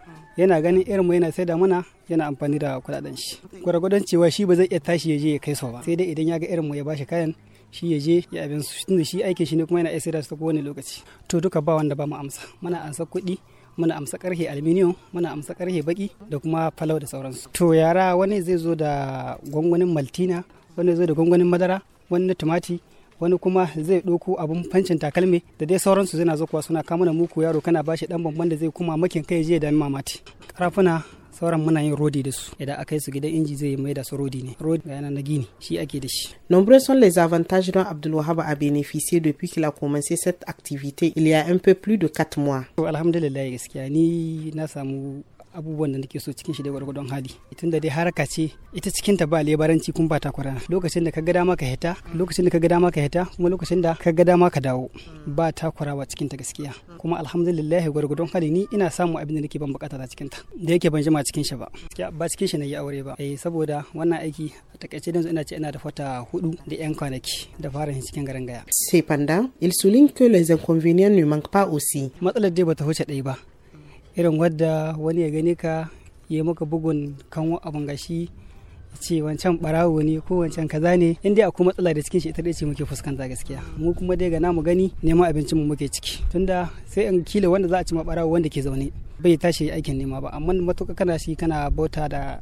yana ganin irin mu yana sai da muna yana amfani da kudaden shi gwargwadon cewa shi ba zai iya tashi ya je ya kai ba sai dai idan ya ga irin mu ya bashi kayan shi ya je ya abin su tunda shi aikin shi ne kuma yana iya sai da su kowane lokaci to duka ba wanda ba mu amsa muna ansa kuɗi muna amsa karhe aluminium muna amsa karhe baki da kuma falau da sauransu to yara wani zai zo da gwangwanin maltina wani zai zo da gwangwanin madara wani na tumati wani kuma zai ɗauko abun fancin takalmi da dai sauransu zai na zo kuwa suna kama da muku yaro kana bashi dan bamban da zai kuma makin kai je da mamati karafuna sauran muna yin rodi da su idan aka su gidan inji zai mai da su rodi ne rodi ga na gini shi ake da shi nombre les avantages don Abdul Wahab a bénéficié depuis qu'il a commencé cette activité il y a un peu plus de 4 mois alhamdulillah gaskiya ni na samu abubuwan da nake so cikin shi da gwargwadon hali tun da dai haraka ce ita cikin ta ba lebaranci kun ba takwara lokacin da ka ga dama ka hita lokacin da ka ga dama ka hita kuma lokacin da ka ga dama ka dawo ba takwarawa cikin ta gaskiya kuma alhamdulillah gwargwadon hali ni ina samu abin da nake ban bukata ta cikin ta da yake ban jima cikin shi ba ba cikin shi na yi aure ba eh saboda wannan aiki a takaice yanzu ina ce ina da fata hudu da yan kwanaki da fara cikin garin gaya cependant il souligne que les inconvénients ne manquent pas aussi matsalar dai bata huce dai ba irin wadda wani ya gani ka ya maka bugun kan abun gashi ce wancan barawo ne ko wancan kaza ne in dai akwai matsala da cikin shi ita ce muke fuskanta gaskiya mu kuma dai ga namu gani neman abincin mu muke ciki tunda sai in kila wanda za a ci ma barawo wanda ke zaune bai tashi aikin nema ba amma matuƙa kana shi kana bauta da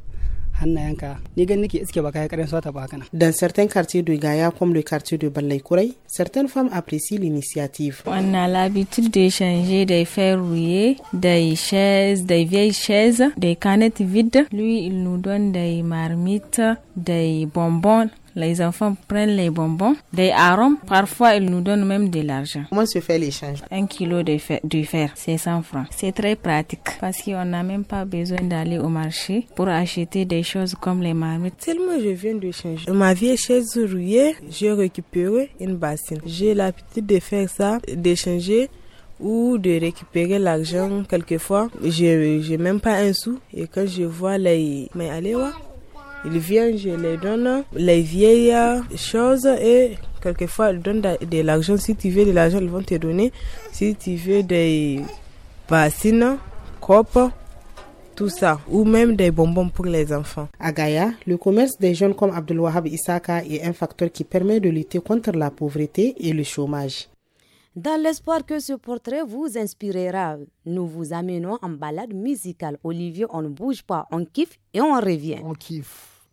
dans certains quartiers de Gaïa, comme le quartier de kurai certaines femmes apprécient l'initiative on a l'habitude d'échanger des fers des chaises des vieilles chaises des canettes vides lui il nous donne des marmites des bonbons les enfants prennent les bonbons, des arômes, parfois ils nous donnent même de l'argent. Comment se fait l'échange Un kilo de fer, de c'est 100 francs. C'est très pratique parce qu'on n'a même pas besoin d'aller au marché pour acheter des choses comme les marmites. Tellement je viens de changer. Ma vieille chaise rouillée, j'ai récupéré une bassine. J'ai l'habitude de faire ça, d'échanger ou de récupérer l'argent quelquefois. J'ai, j'ai même pas un sou et quand je vois les... Mais allez voir il viennent, je les donne les vieilles choses et quelquefois ils donnent de l'argent. Si tu veux de l'argent, ils vont te donner. Si tu veux des bassines, copes, tout ça, ou même des bonbons pour les enfants. À Gaïa, le commerce des jeunes comme Abdelwahab Isaka est un facteur qui permet de lutter contre la pauvreté et le chômage. Dans l'espoir que ce portrait vous inspirera, nous vous amenons en balade musicale. Olivier, on ne bouge pas, on kiffe et on revient. On kiffe.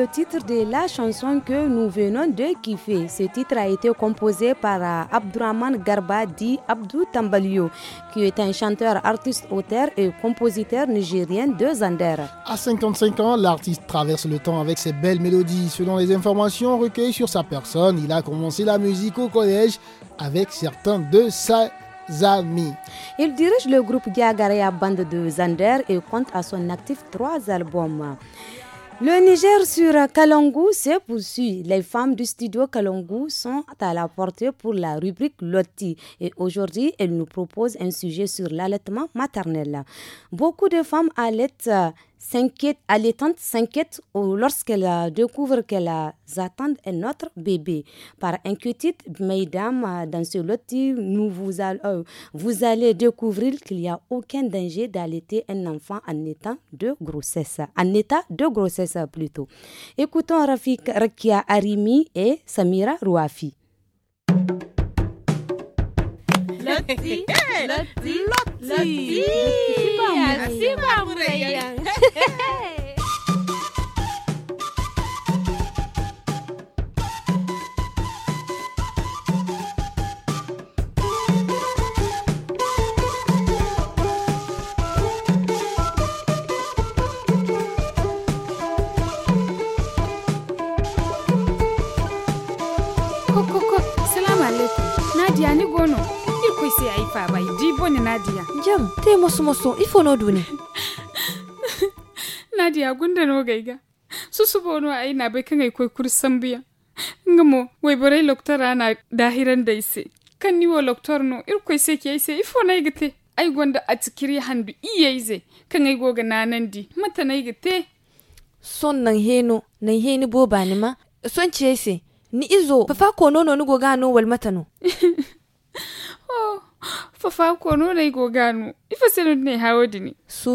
le titre de la chanson que nous venons de kiffer. Ce titre a été composé par euh, Abdurrahman Garba dit Abdou Tambalio, qui est un chanteur, artiste, auteur et compositeur nigérien de Zander. À 55 ans, l'artiste traverse le temps avec ses belles mélodies. Selon les informations recueillies sur sa personne, il a commencé la musique au collège avec certains de ses Amis. Il dirige le groupe Diagaria Band de Zander et compte à son actif trois albums. Le Niger sur Kalongo s'est poursuit. Les femmes du studio Kalongo sont à la portée pour la rubrique Loti. Et aujourd'hui, elles nous proposent un sujet sur l'allaitement maternel. Beaucoup de femmes allaitent s'inquiète, allaitante s'inquiète lorsqu'elle découvre qu'elle attend un autre bébé. Par inquiétude, mesdames, dans ce lot, nous vous, allez euh, vous allez découvrir qu'il n'y a aucun danger d'allaiter un enfant en état de grossesse, en état de grossesse plutôt. Écoutons Rafik Rakia Arimi et Samira Rouafi. Lotzi. Lotzi. Lotzi. Así Kok kok Assalamu Nadia gono. se ayi a yi di dibo ni Nadia. Jam, te musu i ifo no duni. Nadia gunda no gaiga. Susu n'o ayi na bai kangai koi kursan biya. Ngamo, wai bare loktara na dahiran da ise. Kan niwo loktor no irkoi sai ki ise ifo na igite. Ai gonda a tikiri handu iya ize. Kan ai goga nanan di. Mata na igite. Son nan heno, nan heni ba ni ma. Son ci ise. Ni izo, fafa ko nono ni goga no wal mata no. Oh, fafa kono na igo gano. Ifa seno ne hawo dini.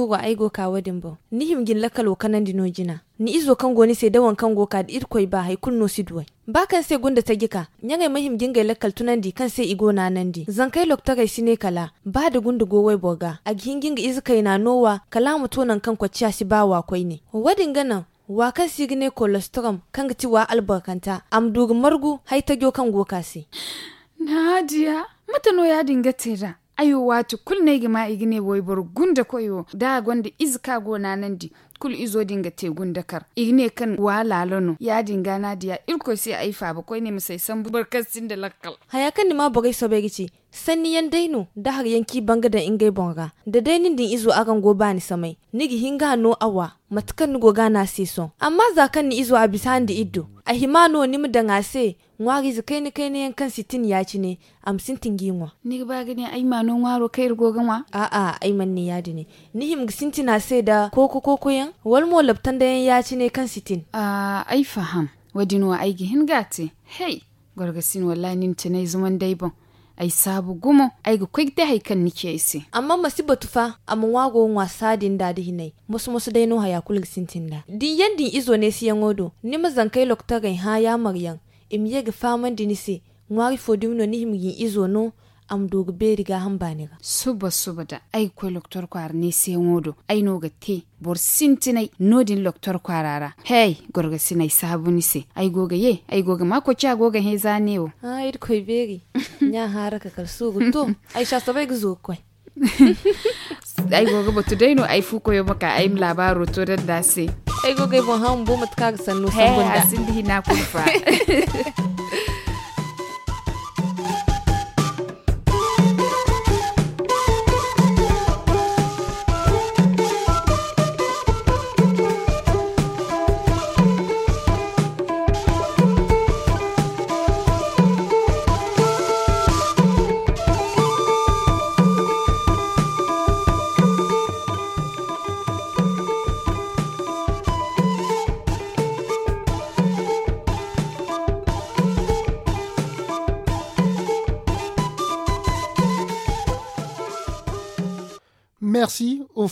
wa aigo ka wadin bo. Ni him gin lakalo kanan dino jina. Ni izo kango ni se dawan kango ka da irkoi ba hai kunno si duwai. Ba kan se gunda ta gika. Nyangai mahim gin gai lakal tunan di kan sai igo na nan di. Zankai lokta sine kala. Ba da gunda go wai boga. A gihin gin izu kai na nowa kala mu kan kwaciya si ba wa ne. Wadin ganan wa kan gine colostrum kan ga ci wa albarkanta am dugin margu hai ta gyo kan sai. Nadia. matano ya dinga tera ayo wato kul nege gima igine boy bor gunda koyo da gonda izka gona di. kul izo dinga te gunda kar igine kan wa lalono ya dinga nadiya irko sai aifa ba ne musai san barkasin da lakkal haya kan ma bogai sobe gici sanni yan daino da har yanki banga da ingai bonga da dainin din izo akan goba ni samai nigi hinga no awa matkan ni goga na seson amma za kan ni izo a bisan da iddo a himano ni mu da ngase ngwari zu kai ni kai ne yankan sitin ya ci ne amsin tinginwa ni ba gani ai ma no ngwaro kai gogan wa a a ai man ni yadi ne ni him sinti na sai da koko koko yan wal mo labtan da yan ya ci ne kan sitin a ai faham wadinu wa ai gihin gate hey gorgasin wallahi nin tane zuman daibon ai sabu gumo ai ga kwaik dai kan nike isi amma masi batufa amma wago wasa din da di hinai musu musu dai no haya kulik sintin da din izo ne siyan odo ni mazan kai lokta gai ha ya maryan im ye ga faman dinise ngwari fodum no ni himgin izo no am doga beriga han baniga suba suba da ai koi loktor kwar ne se ngodo ai ga te bor sintinai nodin loktor kwarara hey gorga sinai sabuni se ai goga ye ai goga ma ko cha goga he zanewo ai koi beri nya hara kal sugu to ai sha sabai guzo koi ai goga batu daino ai fuko koyo maka ai labaro to da se ai goga bon han bo matka sannu sanbunda hey asindi na kufa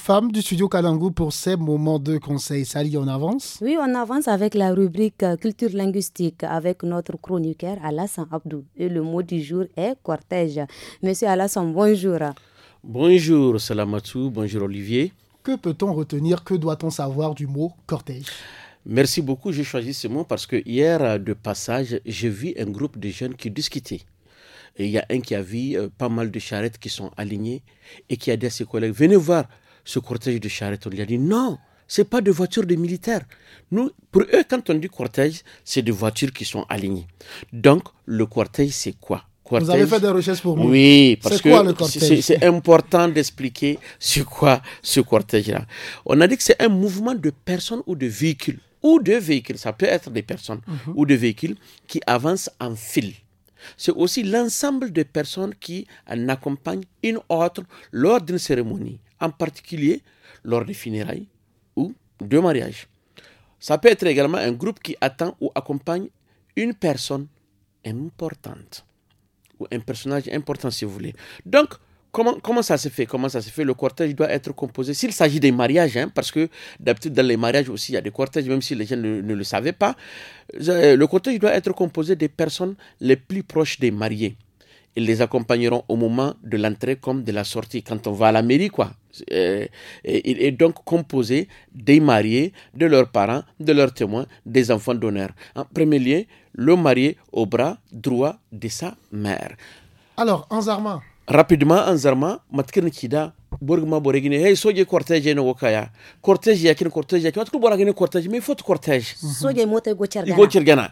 Femme du studio Kalangu pour ces moments de conseil. Sali, on avance Oui, on avance avec la rubrique euh, culture linguistique avec notre chroniqueur Alassane Abdou. Et le mot du jour est cortège. Monsieur Alassane, bonjour. Bonjour Salamatou, bonjour Olivier. Que peut-on retenir, que doit-on savoir du mot cortège Merci beaucoup, j'ai choisi ce mot parce que hier, euh, de passage, j'ai vu un groupe de jeunes qui discutaient. il y a un qui a vu euh, pas mal de charrettes qui sont alignées et qui a dit à ses collègues, venez voir, ce cortège de charrettes. On lui a dit non, c'est pas de voitures de militaires. Nous, pour eux, quand on dit cortège, c'est des voitures qui sont alignées. Donc, le cortège, c'est quoi Vous avez fait des recherches pour moi. Oui, parce que c'est important d'expliquer sur quoi ce cortège-là. On a dit que c'est un mouvement de personnes ou de véhicules, ou de véhicules, ça peut être des personnes mhm. ou de véhicules qui avancent en fil. C'est aussi l'ensemble de personnes qui en accompagnent une autre lors d'une cérémonie en particulier lors des funérailles ou de mariages. Ça peut être également un groupe qui attend ou accompagne une personne importante ou un personnage important si vous voulez. Donc, comment, comment ça se fait Comment ça se fait Le cortège doit être composé, s'il s'agit des mariages, hein, parce que d'habitude dans les mariages aussi, il y a des cortèges, même si les gens ne, ne le savaient pas, euh, le cortège doit être composé des personnes les plus proches des mariés ils les accompagneront au moment de l'entrée comme de la sortie, quand on va à la mairie, quoi. Euh, et il est donc composé des mariés, de leurs parents, de leurs témoins, des enfants d'honneur. En premier lieu, le marié au bras droit de sa mère. Alors, en Zarma. Rapidement, Anzarma, Matkin Kida, Bourgma Boregine, hey, soyez cortège no wakaya. Cortège yakine, cortège y tu bourgine cortège, mais faut cortège. Soye mote gochergana. Gochergana.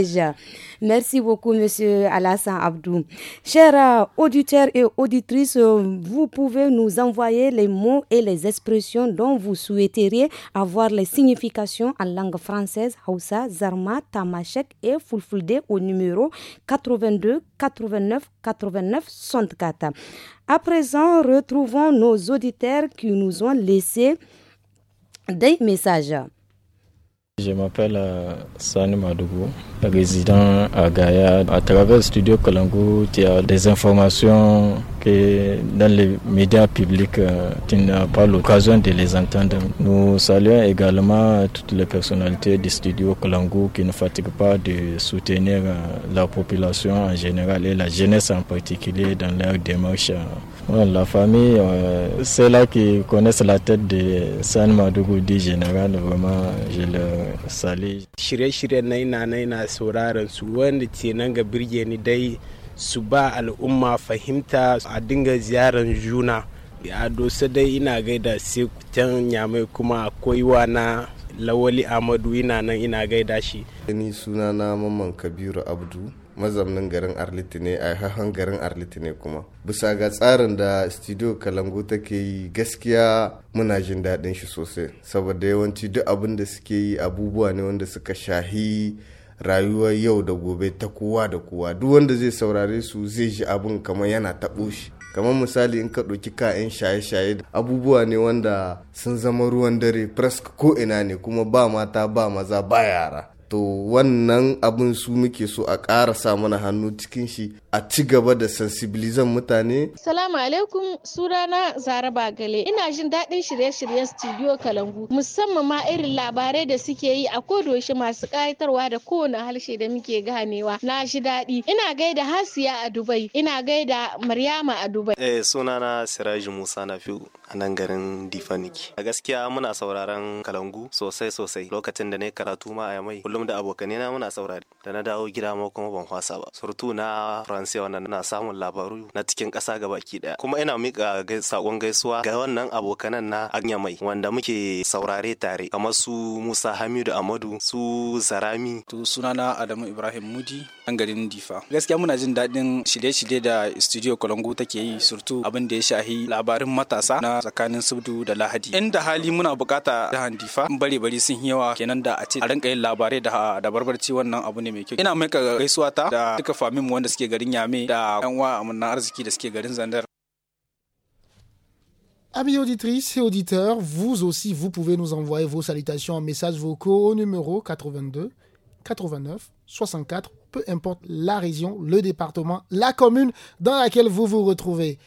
Merci beaucoup, Monsieur Alassane Abdou. Chers auditeurs et auditrices, vous pouvez nous envoyer les mots et les expressions dont vous souhaiteriez avoir les significations en langue française, Hausa, Zarma, Tamashek et Fulfulde au numéro 82 89 89 64. À présent, retrouvons nos auditeurs qui nous ont laissé des messages. Je m'appelle euh, Sani Madougou, résident à Gaïa. À travers le studio Kolongo, il y a des informations que dans les médias publics, euh, tu n'as pas l'occasion de les entendre. Nous saluons également toutes les personnalités du studio Kalangu qui ne fatiguent pas de soutenir euh, la population en général et la jeunesse en particulier dans leur démarche. La famille, euh, c'est là qui connaissent la tête de San Madougou général, vraiment, je le salue. su ba al'umma fahimta a dinga ziyarar juna ya dosa dai ina gaida sai can nyamai kuma akwai na lawali amadu ina nan ina gaida shi ni suna na mamman kabiru abdu mazaunin garin arliti ne a hahan garin arliti ne kuma bisa ga tsarin da studio kalango take yi gaskiya muna jin daɗin shi sosai saboda yawanci duk abin da suke yi abubuwa ne wanda suka shahi rayuwar yau da gobe ta kowa da kowa duk wanda zai saurare su zai ji abin kamar yana taɓo shi kamar misali in ka ɗauki ka'yan shaye-shaye abubuwa ne wanda sun zama ruwan dare presk ko ina ne kuma ba mata ba maza ba yara to wannan abin su muke so a ƙara sa mana hannu cikin shi a ci gaba da sensibilizan mutane? Salamu alaikum sunana Zara Bagale. Ina jin daɗin shirye-shiryen studio Kalangu musamman ma irin labarai da suke yi a kodoshi masu ƙayatarwa da kowane harshe da muke ganewa. Na ji daɗi. Ina gaida Hasiya a Dubai. Ina gaida Maryama a Dubai. Eh sunana Siraji Musa Nafiu a nan garin Difaniki. A gaskiya muna sauraron Kalangu sosai sosai. Lokacin da na karatu ma a Yamai kullum da abokanai na muna saurari. Da na dawo gida ma kuma ban kwasa ba. Surtu na an sai wannan na samun labaru na cikin ƙasa gabaki daya kuma ina mika sakon gaisuwa ga wannan abokanan na anya mai wanda muke saurare tare kamar su Musa Hamidu Amadu su Zarami to sunana Adamu Ibrahim Mudi 'yan garin Difa. Gaskiya muna jin daɗin shirye-shirye da Studio Kalangu take yi surtu abin da ya shahi labarin matasa na tsakanin Subdu da Lahadi. Inda hali muna bukata jihar Difa bare bare sun yawa kenan da a ce a rinka yin labarai da da barbarci wannan abu ne mai kyau. Ina maika gaisuwa ta da duka famin wanda suke garin Yame da yan uwa amannan arziki da suke garin Zandar. Amis auditrices et auditeurs, vous aussi, vous pouvez nous envoyer vos salutations en messages vocaux au numéro 82 89 64 peu importe la région, le département, la commune dans laquelle vous vous retrouvez.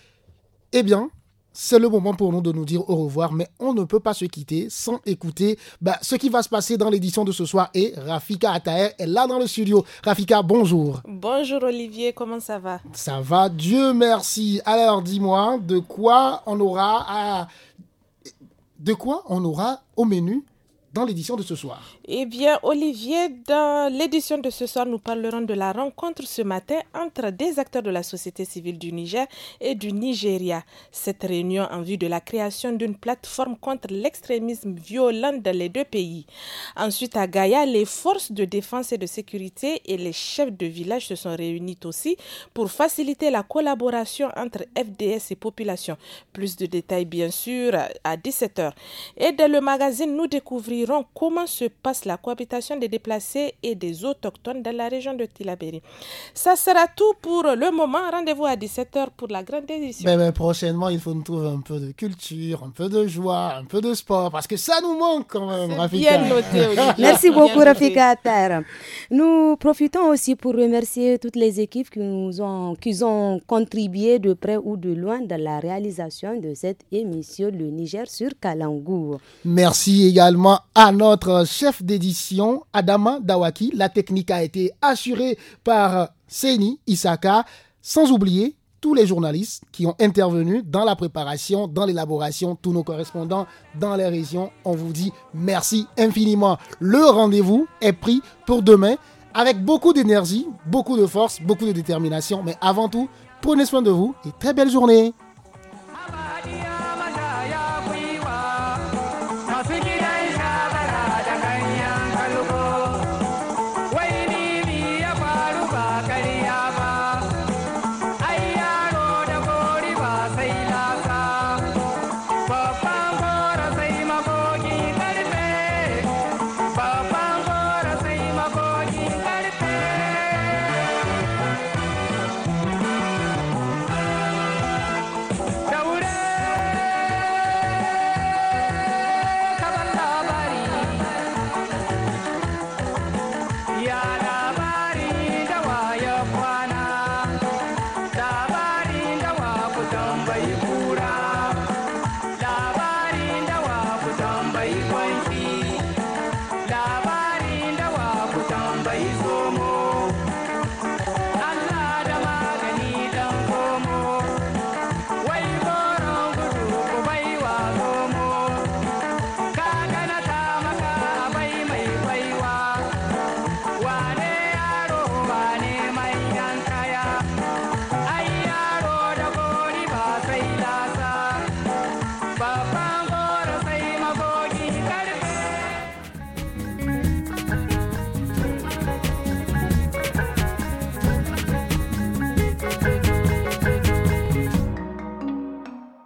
Eh bien, c'est le moment pour nous de nous dire au revoir, mais on ne peut pas se quitter sans écouter bah, ce qui va se passer dans l'édition de ce soir. Et Rafika Ataer est là dans le studio. Rafika, bonjour. Bonjour Olivier, comment ça va Ça va, Dieu merci. Alors dis-moi, de quoi on aura à... De quoi on aura au menu dans l'édition de ce soir Eh bien, Olivier, dans l'édition de ce soir, nous parlerons de la rencontre ce matin entre des acteurs de la société civile du Niger et du Nigeria. Cette réunion en vue de la création d'une plateforme contre l'extrémisme violent dans les deux pays. Ensuite, à Gaïa, les forces de défense et de sécurité et les chefs de village se sont réunis aussi pour faciliter la collaboration entre FDS et population. Plus de détails, bien sûr, à 17h. Et dans le magazine, nous découvrirons comment se passe la cohabitation des déplacés et des autochtones dans la région de Tilaberi. Ça sera tout pour le moment. Rendez-vous à 17h pour la grande édition. Mais, prochainement, il faut nous trouver un peu de culture, un peu de joie, un peu de sport, parce que ça nous manque quand même, Rafika. Merci beaucoup, Rafika Nous profitons aussi pour remercier toutes les équipes qui nous ont, qui ont contribué de près ou de loin dans la réalisation de cette émission Le Niger sur Kalangour. Merci également à notre chef d'édition, Adama Dawaki. La technique a été assurée par Seni Isaka, sans oublier tous les journalistes qui ont intervenu dans la préparation, dans l'élaboration, tous nos correspondants dans les régions. On vous dit merci infiniment. Le rendez-vous est pris pour demain avec beaucoup d'énergie, beaucoup de force, beaucoup de détermination. Mais avant tout, prenez soin de vous et très belle journée.